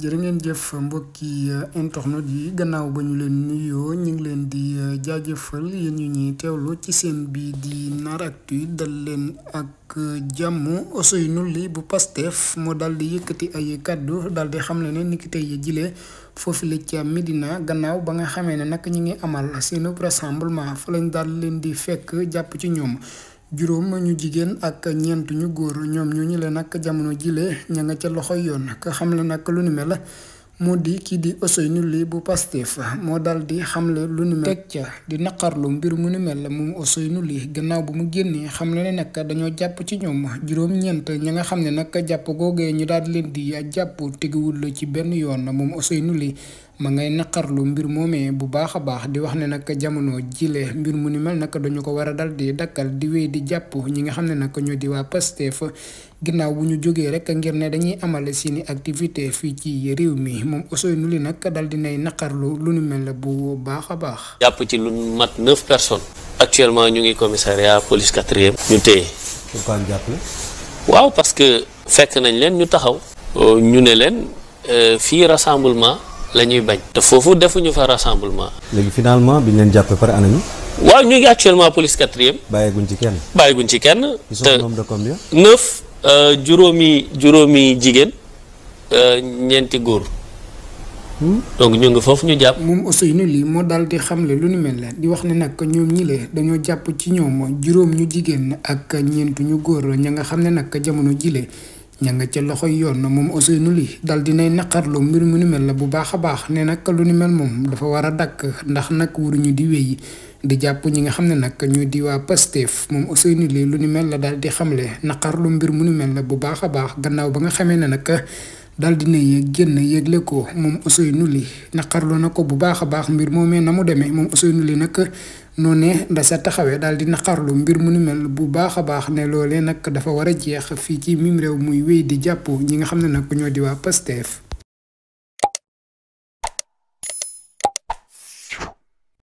jërë ngeen jëf mbokki euh, internet yi gannaaw ba ñu leen nuyoo ñu ngi leen di euh, jaajëfal yéen ñu ñuy teewlu ci seen bi di Nar dal leen ak euh, jàmm Ousseynou Ly bu Pastef moo dal di yëkkati ay kàddu dal di xam ne niki tey jile foofu la ca Médina gannaaw ba nga xamee ne nag ñu ngi amal seen rassemblement fa lañ daal leen di fekk jàpp ci ñoom. juróom ñu jigéen ak ñeent ñu góor ñoom ñu ñu le nag jamono jile ña nga ca loxo yoon ka xam la nag lu ni mel mu di kii di Ousseynou Ly bu Pastef moo dal di xamle lu ni mel teg ca di naqarlu mbir mu ni la moom Ousseynou Ly gannaaw bu mu génnee xamle ne nag dañoo jàpp ci ñoom juróom-ñeent ña nga xam ne nag jàpp googee ñu daal leen di jàpp teguwul ci benn yoon moom Ousseynou Ly ma ngay naqarlu mbir moomee bu baax a baax di wax ne nag jamono jile mbir mu ni mel nag dañu ko war a dal di dakkal di wéy di jàpp ñi nga xam ne nag ñoo di waa Pastef ginnaaw bu ñu jógee rek ngir ne dañuy amale seeni activité fii ci réew mi moom nu Ly nag dal dinay naqarlu lu nu mel la bu baax a baax. jàpp ci lu mat neuf personnes. actuellement ñu ngi commissariat police quatrième. ñu téye. waaw parce que. fekk nañ leen ñu taxaw. Euh, ñu ne leen euh, fii rassemblement la ñuy bañ. te foofu defuñu fa rassemblement. léegi finalement bi ñu leen jàppee pare ana ñu. waaw ñu ngi actuellement police quatrième. bàyyeeguñ ci Euh, juróomi juróomi jigéen euh, ñeenti góor. Hmm? donc ñu ngi foofu ñu jàpp. moom ni lii moo daal di xamle lu ni mel la di wax ne nag ñoom ñi dañoo jàpp ci ñoom juróom ñu jigéen ak ñeent ñu góor ña nga xam ne nag jamono jilee ña nga ca yi yoon na moom Ousseynou Ly dal dinay naqarlu mbir mu ni mel la bu baax a baax ne nag lu ni mel moom dafa war a dakk ndax nag ñu di wéy di jàpp ñi nga xam ne nag ñuy di waa Pastef moom Ousseynou Ly lu nu mel la dal di xamle naqarlu mbir mu ni mel la bu baax a baax gannaaw ba nga xamee ne nag dal dina yéeg génn yéegle ko moom Ousseynou Ly naqarlu na ko bu baax a baax mbir moomee na mu demee moom Ousseynou Ly nag noonee Ndassa taxawee daal di naqarlu mbir mu ni mel bu baax a baax ne loolee nag dafa war a jeex fii ci mim réew muy wéy di jàppoo ñi nga xam ne nag ñoo di waa Pastef